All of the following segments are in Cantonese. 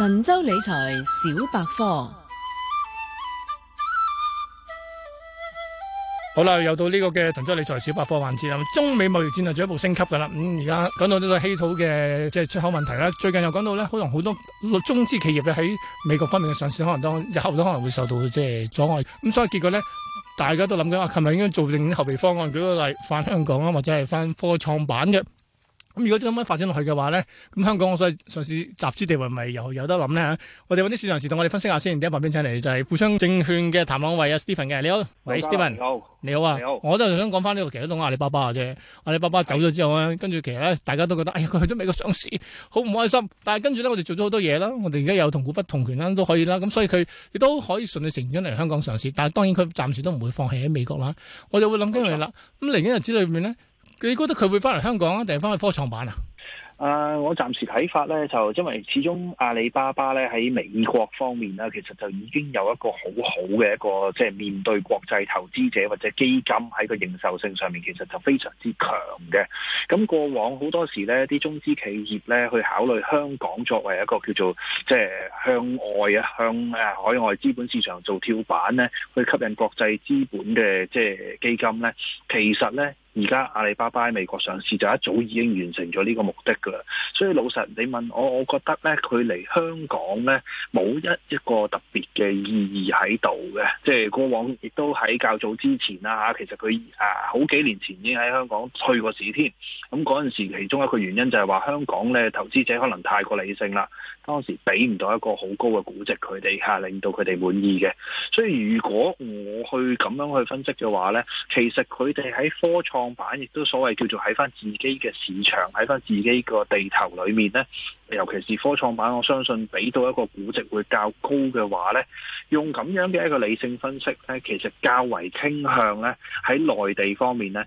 神州理財小百科，好啦，又到呢個嘅神州理財小百科環節啦。中美貿易戰係進一步升級噶啦，咁而家講到呢個稀土嘅即係出口問題啦。最近又講到咧，可能好多中資企業嘅喺美國方面嘅上市，可能都日後都可能會受到即係、就是、阻礙。咁、嗯、所以結果咧，大家都諗緊，我琴日應該做定後備方案，舉個例，翻香港啊，或者係翻科創板嘅。咁如果咁樣發展落去嘅話咧，咁香港我所上市集資地位咪有有得諗咧，我哋揾啲市場事同我哋分析下先。第一旁邊請嚟就係富昌證券嘅譚朗蔚啊，Stephen 嘅你好，喂，Stephen，你好，你好啊，好我都係想講翻呢個其實都講阿里巴巴嘅啫。阿里巴巴走咗之後咧，的跟住其實呢大家都覺得，哎呀佢去咗美國上市，好唔開心。但係跟住咧，我哋做咗好多嘢啦，我哋而家有同股不同權啦，都可以啦。咁所以佢亦都可以順理成章嚟香港上市。但當然佢暫時都唔會放棄喺美國啦。我就會諗緊嚟啦。咁嚟緊日子裏面咧。你覺得佢會翻嚟香港啊，定係翻去科創板啊？誒、呃，我暫時睇法咧，就因為始終阿里巴巴咧喺美國方面咧，其實就已經有一個好好嘅一個，即係面對國際投資者或者基金喺個認受性上面，其實就非常之強嘅。咁過往好多時咧，啲中資企業咧去考慮香港作為一個叫做即係向外啊，向誒海外資本市場做跳板咧，去吸引國際資本嘅即係基金咧，其實咧。而家阿里巴巴喺美國上市，就一早已經完成咗呢個目的噶啦。所以老實，你問我，我覺得咧，佢嚟香港咧冇一一個特別嘅意義喺度嘅。即係過往亦都喺較早之前啦、啊、吓，其實佢啊好幾年前已經喺香港退過市添。咁嗰陣時，其中一個原因就係話香港咧投資者可能太過理性啦，當時俾唔到一個好高嘅估值，佢哋吓令到佢哋滿意嘅。所以如果我去咁樣去分析嘅話咧，其實佢哋喺科創。板亦都所謂叫做喺翻自己嘅市場，喺翻自己個地頭裏面咧，尤其是科創板，我相信俾到一個估值會較高嘅話咧，用咁樣嘅一個理性分析咧，其實較為傾向咧喺內地方面咧。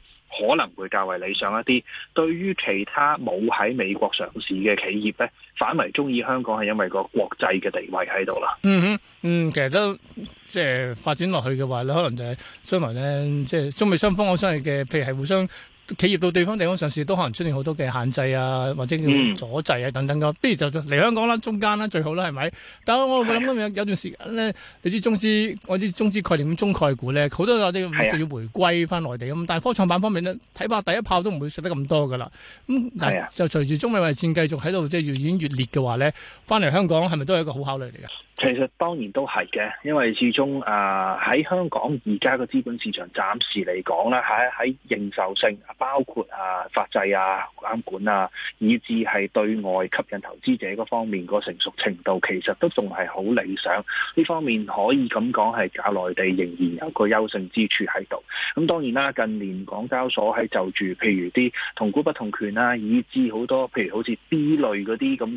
可能會較為理想一啲。對於其他冇喺美國上市嘅企業咧，反為中意香港係因為個國際嘅地位喺度啦。嗯哼，嗯，其實都即係、呃、發展落去嘅話咧，可能就係將來咧，即、呃、係中美雙方我相信嘅，譬如係互相。企業到對方地方上市都可能出現好多嘅限制啊，或者叫做阻滯啊、嗯、等等嘅。不如就嚟香港啦，中間啦最好啦，係咪？但係我諗咁有有段時間咧，你知中資，我知中資概念、中概股咧，好多有啲要要回歸翻內地咁。啊、但係科創板方面咧，睇怕第一炮都唔會食得咁多㗎啦。咁係啊，就隨住中美圍戰繼續喺度即係越演越烈嘅話咧，翻嚟香港係咪都係一個好考慮嚟㗎？其實當然都係嘅，因為始終啊喺、呃、香港而家個資本市場暫時嚟講啦，喺喺認受性。包括啊法制啊監管啊，以至係對外吸引投資者嗰方面個成熟程度，其實都仲係好理想。呢方面可以咁講係，教內地仍然有個優勝之處喺度。咁當然啦、啊，近年港交所喺就住，譬如啲同股不同權啊，以至好多譬如好似 B 類嗰啲咁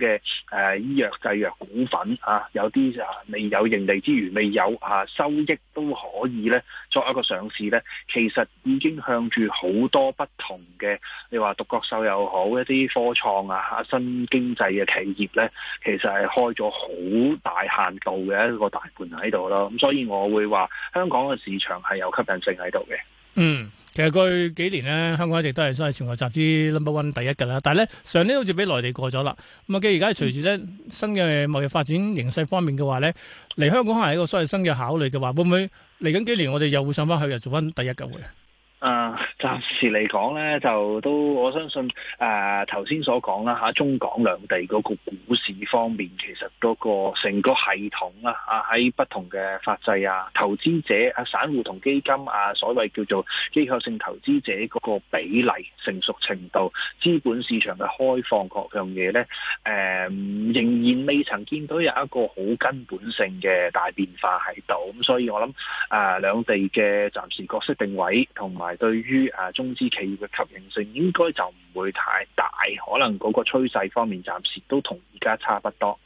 嘅醫藥製藥股份啊，有啲啊未有盈利之餘未有啊收益都可以咧作一個上市咧，其實已經向住好多不。同嘅，你話獨角獸又好，一啲科創啊、新經濟嘅企業咧，其實係開咗好大限度嘅一個大盤喺度咯。咁所以我會話香港嘅市場係有吸引性喺度嘅。嗯，其實佢幾年咧，香港一直都係所謂全球集資 number one 第一噶啦。但係咧，上年好似俾內地過咗啦。咁啊，而家隨住咧新嘅貿易發展形勢方面嘅話咧，嚟香港係一個所謂新嘅考慮嘅話，會唔會嚟緊幾年我哋又會上翻去又做翻第一嘅會？暫時嚟講咧，就都我相信誒，頭先所講啦吓，中港兩地嗰個股市方面，其實嗰個成個系統啦，喺不同嘅法制啊，投資者啊散戶同基金啊，所謂叫做機構性投資者嗰個比例成熟程度，資本市場嘅開放各樣嘢咧，誒、嗯，仍然未曾見到有一個好根本性嘅大變化喺度。咁所以我諗誒兩地嘅暫時角色定位同埋對於。啊！中資企業嘅吸引性應該就唔會太大，可能嗰個趨勢方面暫時都同而家差不多。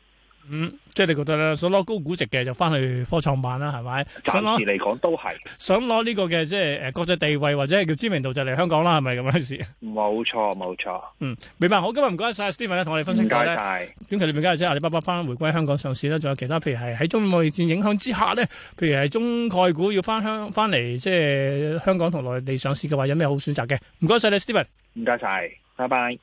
嗯，即係你覺得咧，想攞高估值嘅就翻去科創板啦，係咪？暫時嚟講都係想攞呢個嘅，即係誒國際地位或者叫知名度就嚟香港啦，係咪咁樣嘅事，冇錯，冇錯。嗯，明白，好今我今日唔該晒 Steven 同我哋分析咧。唔該晒。短期裏面梗即阿里巴巴翻回歸香港上市啦，仲有其他，譬如係喺中美貿易戰影響之下咧，譬如係中概股要翻香翻嚟即係香港同內地上市嘅話，有咩好選擇嘅？唔該晒你，Steven。唔該晒，拜拜。